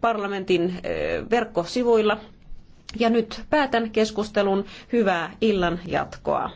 parlamentin eh, verkkosivuilla. Ja nyt päätän keskustelun. Hyvää illan jatkoa.